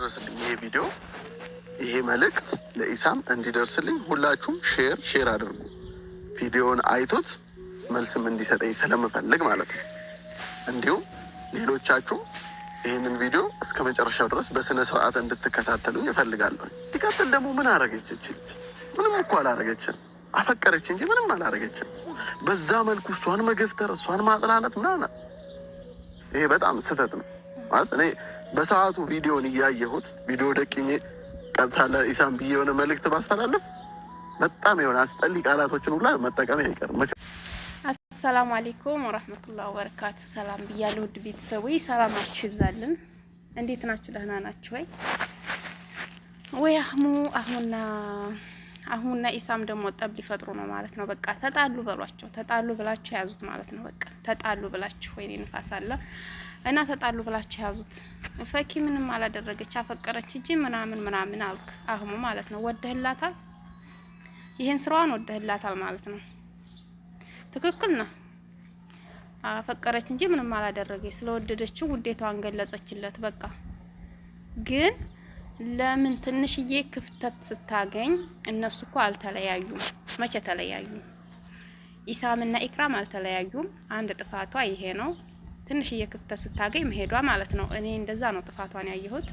ድረስልኝ ይሄ ቪዲዮ ይሄ መልእክት ለኢሳም እንዲደርስልኝ ሁላችሁም ሼር ሼር አድርጉ። ቪዲዮውን አይቶት መልስም እንዲሰጠኝ ስለምፈልግ ማለት ነው። እንዲሁም ሌሎቻችሁም ይህንን ቪዲዮ እስከ መጨረሻው ድረስ በስነ ስርዓት እንድትከታተሉኝ እፈልጋለሁ። ሊቀጥል ደግሞ ምን አረገች? ምንም እኮ አላረገችን። አፈቀረች እንጂ ምንም አላረገችን። በዛ መልኩ እሷን መገፍተር፣ እሷን ማጥላለት ምናምን ይሄ በጣም ስህተት ነው። ማለት እኔ በሰዓቱ ቪዲዮን እያየሁት ቪዲዮ ደቅኜ ቀጥታ ለኢሳም ብዬ የሆነ መልእክት ማስተላለፍ በጣም የሆነ አስጠሊ ቃላቶችን ሁላ መጠቀም አይቀርም። አሰላሙ አሌይኩም ወረህመቱላህ ወበረካቱ። ሰላም ብያለሁ ውድ ቤተሰቦች፣ ሰላማችሁ ይብዛልን። እንዴት ናችሁ? ደህና ናችሁ ወይ? ወይ አህሙ አህሙና አህሙና ኢሳም ደግሞ ጠብ ሊፈጥሩ ነው ማለት ነው። በቃ ተጣሉ በሏቸው፣ ተጣሉ ብላችሁ ያዙት ማለት ነው። በቃ ተጣሉ ብላችሁ ወይኔ ንፋስ አለ እና ተጣሉ ብላችሁ ያዙት። ፈኪ ምንም አላደረገች፣ አፈቀረች እንጂ ምናምን ምናምን አልክ አህሙ ማለት ነው። ወደህላታል፣ ይሄን ስራዋን ወደህላታል ማለት ነው። ትክክል ነው። አፈቀረች እንጂ ምንም አላደረገች። ስለወደደችው ውዴቷን ገለጸችለት። በቃ ግን ለምን ትንሽዬ ክፍተት ስታገኝ፣ እነሱ እኮ አልተለያዩም። መቼ ተለያዩ? ኢሳምና ኢክራም አልተለያዩም። አንድ ጥፋቷ ይሄ ነው። ትንሽዬ ክፍተት ስታገኝ መሄዷ ማለት ነው። እኔ እንደዛ ነው ጥፋቷን ያየሁት።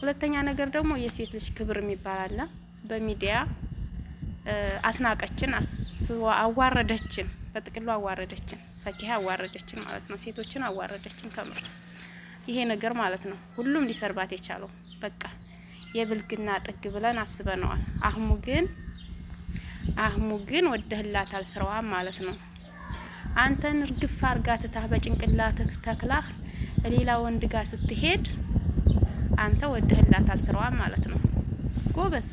ሁለተኛ ነገር ደግሞ የሴት ልጅ ክብር የሚባል አለ። በሚዲያ አስናቀችን፣ አዋረደችን፣ በጥቅሉ አዋረደችን፣ ፈኪሀ አዋረደችን ማለት ነው። ሴቶችን አዋረደችን ከምር ይሄ ነገር ማለት ነው። ሁሉም ሊሰርባት የቻለው በቃ የብልግና ጥግ ብለን አስበነዋል። አህሙ ግን አህሙ ግን ወደህላታል ስራዋን ማለት ነው። አንተን እርግፍ አርጋትታ በጭንቅላትህ ተክላህ ሌላ ወንድ ጋር ስትሄድ አንተ ወደህላት ስራዋን ማለት ነው። ጎበዝ፣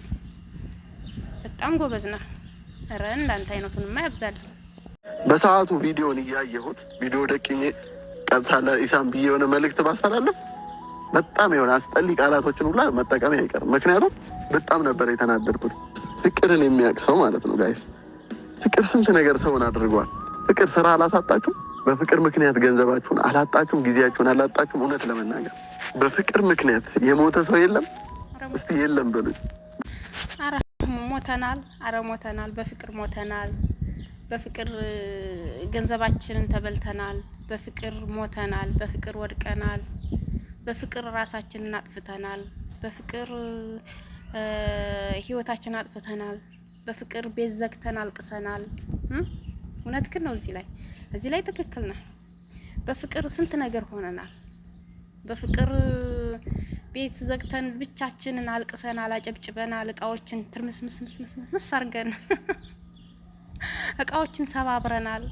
በጣም ጎበዝ ነህ። ኧረ እንዳንተ አይነቱንማ ያብዛል። በሰዓቱ ቪዲዮን እያየሁት ቪዲዮ ደቅኜ ቀጥታ ለኢሳም ብዬ የሆነ መልእክት ባስተላለፍ በጣም የሆነ አስጠሊ ቃላቶችን ሁላ መጠቀም አይቀርም። ምክንያቱም በጣም ነበር የተናደድኩት። ፍቅርን የሚያውቅ ሰው ማለት ነው ጋይስ፣ ፍቅር ስንት ነገር ሰውን አድርጓል። ፍቅር ስራ አላሳጣችሁም? በፍቅር ምክንያት ገንዘባችሁን አላጣችሁም? ጊዜያችሁን አላጣችሁም? እውነት ለመናገር በፍቅር ምክንያት የሞተ ሰው የለም? እስቲ የለም በሉ። አረ ሞተናል፣ አረ ሞተናል፣ በፍቅር ሞተናል፣ በፍቅር ገንዘባችንን ተበልተናል፣ በፍቅር ሞተናል፣ በፍቅር ወድቀናል፣ በፍቅር ራሳችንን አጥፍተናል፣ በፍቅር ህይወታችንን አጥፍተናል፣ በፍቅር ቤት ዘግተን አልቅሰናል። እውነትህን ነው። እዚህ ላይ እዚህ ላይ ትክክል ነህ። በፍቅር ስንት ነገር ሆነናል። በፍቅር ቤት ዘግተን ብቻችንን አልቅሰናል፣ አጨብጭበናል፣ እቃዎችን ትርምስምስምስምስምስ አርገን እቃዎችን ሰባብረናል።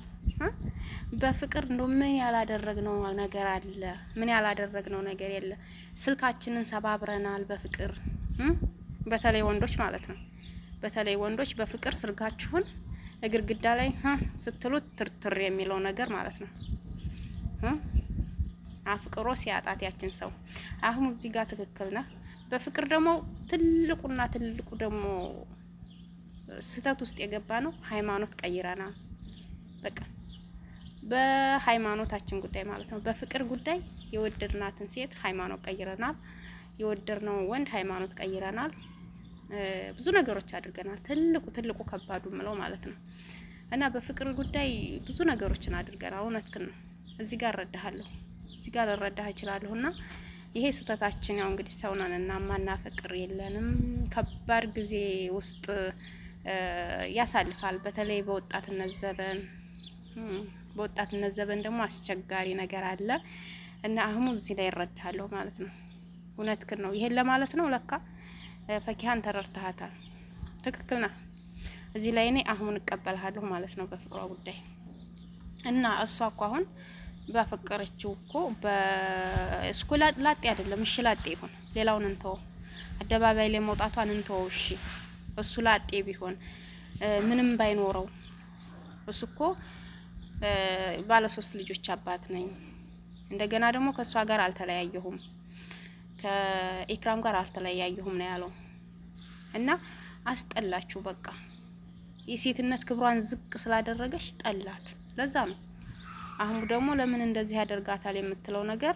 በፍቅር እንደ ምን ያላደረግነው ነገር አለ? ምን ያላደረግነው ነገር የለ። ስልካችንን ሰባብረናል በፍቅር በተለይ ወንዶች ማለት ነው። በተለይ ወንዶች በፍቅር ስልካችሁን ግድግዳ ላይ ስትሉት ትርትር የሚለው ነገር ማለት ነው። አፍቅሮ ሲያጣት ያችን ሰው አሁን እዚህ ጋር ትክክል ነህ። በፍቅር ደግሞ ትልቁና ትልቁ ደግሞ ስህተት ውስጥ የገባ ነው። ሃይማኖት ቀይረናል። በቃ በሃይማኖታችን ጉዳይ ማለት ነው። በፍቅር ጉዳይ የወደድናትን ሴት ሃይማኖት ቀይረናል። የወደድነውን ወንድ ሃይማኖት ቀይረናል። ብዙ ነገሮች አድርገናል። ትልቁ ትልቁ ከባዱ ምለው ማለት ነው እና በፍቅር ጉዳይ ብዙ ነገሮችን አድርገናል። እውነትክን ነው። እዚህ ጋር እረዳሃለሁ፣ እዚህ ጋር ልረዳህ እችላለሁ። እና ይሄ ስህተታችን ያው እንግዲህ ሰውነን ነን እና ማና የለንም። ከባድ ጊዜ ውስጥ ያሳልፋል። በተለይ በወጣትነት ዘበን በወጣትነት ዘበን ደግሞ አስቸጋሪ ነገር አለ እና አህሙ እዚህ ላይ እረዳሃለሁ ማለት ነው። እውነትክን ነው። ይሄን ለማለት ነው ለካ ፈኪሀን ተረድተሃታል። ትክክል ና እዚህ ላይ እኔ አሁን እቀበልሃለሁ ማለት ነው በፍቅሯ ጉዳይ እና እሷ እኮ አሁን ባፈቀረችው እኮ በእስኩ ላጤ አይደለም። እሺ ላጤ ይሁን፣ ሌላውን እንተው አደባባይ ላይ መውጣቷን እንተው። እሺ እሱ ላጤ ቢሆን ምንም ባይኖረው እሱ እኮ ባለ ሶስት ልጆች አባት ነኝ። እንደገና ደግሞ ከእሷ ጋር አልተለያየሁም፣ ከኢክራም ጋር አልተለያየሁም ነው ያለው። እና አስጠላችሁ። በቃ የሴትነት ክብሯን ዝቅ ስላደረገች ጠላት። ለዛ ነው አህሙ ደግሞ ለምን እንደዚህ ያደርጋታል የምትለው ነገር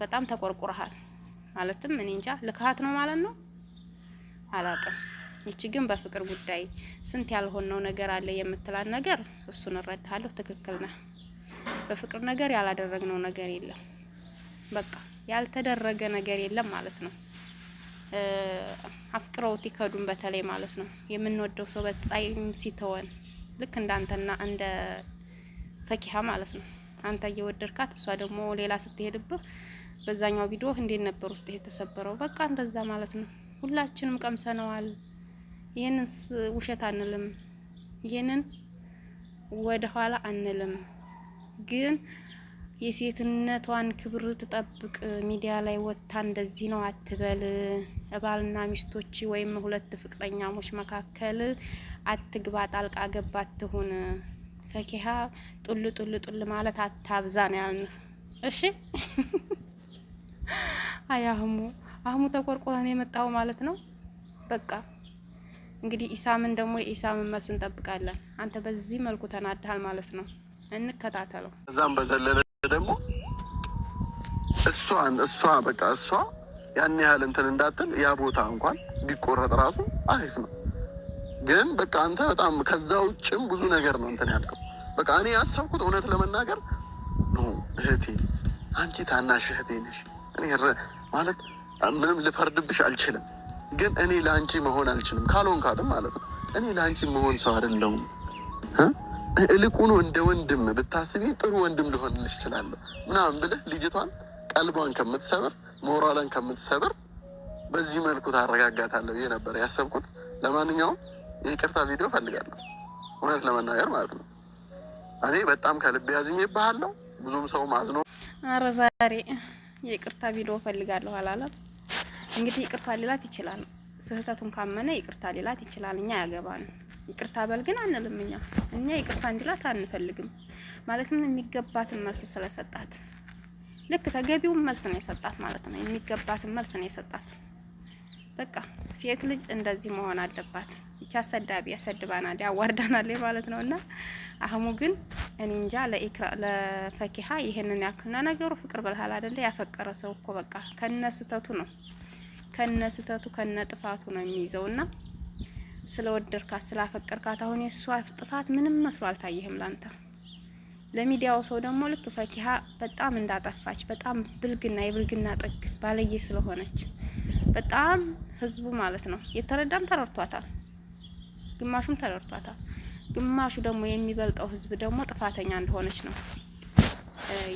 በጣም ተቆርቁረሃል። ማለትም እኔ እንጃ ልክሀት ነው ማለት ነው አላቅም። ይቺ ግን በፍቅር ጉዳይ ስንት ያልሆነው ነገር አለ የምትላል ነገር እሱን እረዳሃለሁ። ትክክል ነህ። በፍቅር ነገር ያላደረግነው ነገር የለም። በቃ ያልተደረገ ነገር የለም ማለት ነው። አፍቅረውት ይከዱን። በተለይ ማለት ነው የምንወደው ሰው በጣም ሲተወን ልክ እንዳንተና እንደ ፈኪሀ ማለት ነው አንተ እየወደድካት እሷ ደግሞ ሌላ ስትሄድብህ በዛኛው ቪዲዮ እንዴት ነበር ውስጥ የተሰበረው? በቃ እንደዛ ማለት ነው። ሁላችንም ቀምሰነዋል። ይህንን ውሸት አንልም፣ ይህንን ወደኋላ አንልም ግን የሴትነቷን ክብር ትጠብቅ። ሚዲያ ላይ ወጥታ እንደዚህ ነው አትበል። ባልና ሚስቶች ወይም ሁለት ፍቅረኛሞች መካከል አትግባ፣ ጣልቃ ገባ አትሁን። ፈኪሀ ጡል ጡል ጡል ማለት አታብዛ ነው ያልነው። እሺ አይ አህሙ አህሙ ተቆርቆረን የመጣው ማለት ነው። በቃ እንግዲህ ኢሳምን ደግሞ የኢሳምን መልስ እንጠብቃለን። አንተ በዚህ መልኩ ተናድሃል ማለት ነው። እንከታተለው። እዛም በዘለለ ደግሞ እሷን እሷ በቃ እሷ ያን ያህል እንትን እንዳትል ያ ቦታ እንኳን ቢቆረጥ ራሱ አሪፍ ነው። ግን በቃ አንተ በጣም ከዛ ውጭም ብዙ ነገር ነው እንትን ያልከው። በቃ እኔ ያሰብኩት እውነት ለመናገር ነው እህቴ፣ አንቺ ታናሽ እህቴ ነሽ። እኔ ማለት ምንም ልፈርድብሽ አልችልም፣ ግን እኔ ለአንቺ መሆን አልችልም። ካልሆንካትም ማለት ነው እኔ ለአንቺ መሆን ሰው አይደለሁም። እልቁኑ እንደ ወንድም ብታስቢ ጥሩ ወንድም ልሆንልሽ እችላለሁ ምናምን ብለህ ልጅቷን ቀልቧን ከምትሰብር ሞራሏን ከምትሰብር በዚህ መልኩ ታረጋጋታለህ ብዬ ነበር ያሰብኩት። ለማንኛውም የቅርታ ቪዲዮ ፈልጋለሁ እውነት ለመናገር ማለት ነው። እኔ በጣም ከልቤ ያዝኜብሃለሁ። ብዙም ሰው ማዝኖ አረ ዛሬ ቪዲዮ ፈልጋለሁ አላለም። እንግዲህ ይቅርታ ሌላት ይችላል። ስህተቱን ካመነ ይቅርታ ሌላት ይችላል። እኛ ያገባል ይቅርታ በል ግን አንልም። እኛ እኛ ይቅርታ እንዲላት አንፈልግም። ማለትም የሚገባትን መልስ ስለሰጣት ልክ ተገቢውን መልስ ነው የሰጣት ማለት ነው። የሚገባትን መልስ ነው የሰጣት። በቃ ሴት ልጅ እንደዚህ መሆን አለባት። ይቻ አሰዳቢ ያሰድባናል፣ ያዋርዳናል ማለት ነው። እና አህሙ ግን እኔ እንጃ ለፈኪሀ ይሄንን ያክልና ነገሩ ፍቅር በልሃል አይደለ ያፈቀረ ሰው እኮ በቃ ከነ ስህተቱ ነው ከነ ስህተቱ ከነ ጥፋቱ ነው የሚይዘውና ስለወደድካት ስላፈቀርካት አሁን የእሷ ጥፋት ምንም መስሎ አልታየህም ላንተ። ለሚዲያው ሰው ደግሞ ልክ ፈኪሀ በጣም እንዳጠፋች በጣም ብልግና የብልግና ጥግ ባለየ ስለሆነች በጣም ህዝቡ ማለት ነው የተረዳም ተረድቷታል፣ ግማሹም ተረድቷታል። ግማሹ ደግሞ የሚበልጠው ህዝብ ደግሞ ጥፋተኛ እንደሆነች ነው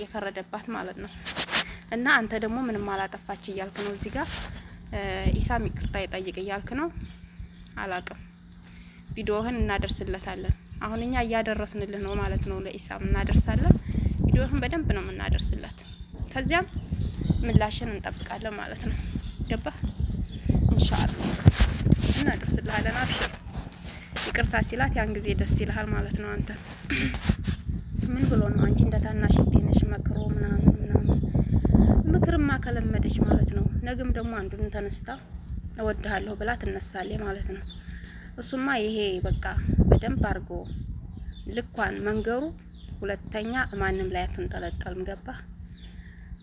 የፈረደባት ማለት ነው። እና አንተ ደግሞ ምንም አላጠፋች እያልክ ነው እዚህ ጋር ኢሳም ይቅርታ ይጠይቅ እያልክ ነው። አላቅም ቪዲዮህን እናደርስለታለን። አሁን እኛ እያደረስንልህ ነው ማለት ነው። ለኢሳም እናደርሳለን። ቪዲዮህን በደንብ ነው የምናደርስለት። ከዚያም ምላሽን እንጠብቃለን ማለት ነው። ገባ? ኢንሻአላህ እናደርስልሃለን። አብሽር ይቅርታ ሲላት ያን ጊዜ ደስ ይልሃል ማለት ነው። አንተ ምን ብሎ ነው አንቺ እንደታናሽ ነሽ መክሮ ምናምን ምናምን ምክርማ ከለመደች ማለት ነው። ነግም ደግሞ አንዱን ተነስታ እወድሃለሁ ብላ ትነሳሌ ማለት ነው። እሱማ ይሄ በቃ በደንብ አድርጎ ልኳን መንገሩ። ሁለተኛ ማንም ላይ አትንጠለጠልም። ገባ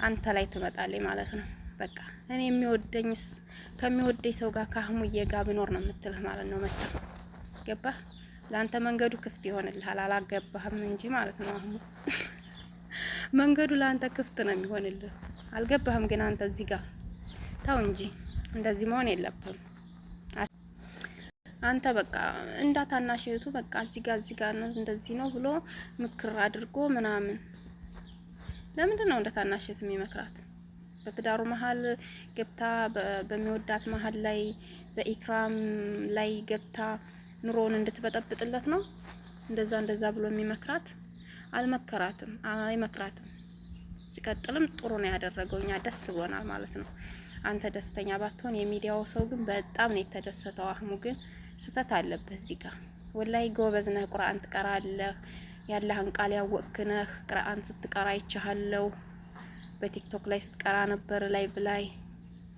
አንተ ላይ ትመጣለች ማለት ነው። በቃ እኔ የሚወደኝስ ከሚወደኝ ሰው ጋር ከአህሙዬ ጋር ብኖር ነው የምትልህ ማለት ነው። መጣ ገባ ለአንተ መንገዱ ክፍት ይሆንልሃል። አላገባህም እንጂ ማለት ነው። አህሙ መንገዱ ለአንተ ክፍት ነው የሚሆንልህ። አልገባህም ግን አንተ እዚህ ጋር ተው እንጂ እንደዚህ መሆን የለብህም። አንተ በቃ እንዳታናሽቱ በቃ እዚህ ጋር እዚህ ጋር ነው እንደዚህ ነው ብሎ ምክር አድርጎ ምናምን ለምንድን ነው እንዳታናሽት የሚመክራት? በትዳሩ መሀል ገብታ በሚወዳት መሀል ላይ በኢክራም ላይ ገብታ ኑሮውን እንድትበጠብጥለት ነው እንደዛ እንደዛ ብሎ የሚመክራት? አልመከራትም፣ አይመክራትም። ሲቀጥልም ጥሩ ነው ያደረገው። እኛ ደስ ብሎናል ማለት ነው። አንተ ደስተኛ ባትሆን የሚዲያው ሰው ግን በጣም ነው የተደሰተው። አህሙ ግን ስህተት አለብህ እዚህ ጋር። ወላይ ጎበዝ ነህ፣ ቁርአን ትቀራለህ፣ ያለህን ቃል ያወቅክ ነህ። ቁርአን ስትቀራ ይቻለው በቲክቶክ ላይ ስትቀራ ነበር፣ ላይ ብላይ።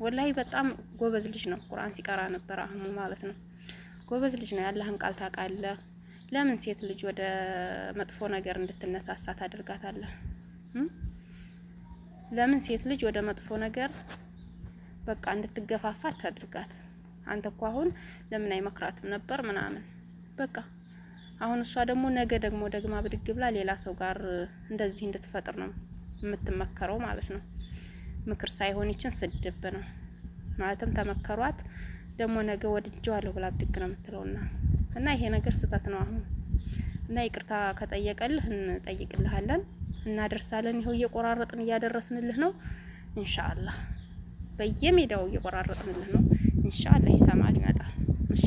ወላይ በጣም ጎበዝ ልጅ ነው፣ ቁርአን ሲቀራ ነበር አህሙ ማለት ነው። ጎበዝ ልጅ ነው፣ ያለህን ቃል ታውቃለህ። ለምን ሴት ልጅ ወደ መጥፎ ነገር እንድትነሳሳ ታደርጋታለህ? ለምን ሴት ልጅ ወደ መጥፎ ነገር በቃ እንድትገፋፋ ታደርጋት? አንተ እኮ አሁን ለምን አይመክራትም ነበር ምናምን በቃ አሁን እሷ ደግሞ ነገ ደግሞ ደግማ ብድግ ብላ ሌላ ሰው ጋር እንደዚህ እንድትፈጥር ነው የምትመከረው ማለት ነው። ምክር ሳይሆን ይችን ስድብ ነው ማለትም ተመከሯት ደግሞ ነገ ወድጀዋለሁ ብላ ብድግ ነው የምትለውና እና ይሄ ነገር ስህተት ነው። አሁን እና ይቅርታ ከጠየቀልህ እንጠይቅልሃለን፣ እናደርሳለን። ይኸው እየቆራረጥን እያደረስንልህ ነው። ኢንሻአላህ በየሜዳው እየቆራረጥንልህ ነው። ኢንሻአላህ ይሰማል ይመጣል። እሺ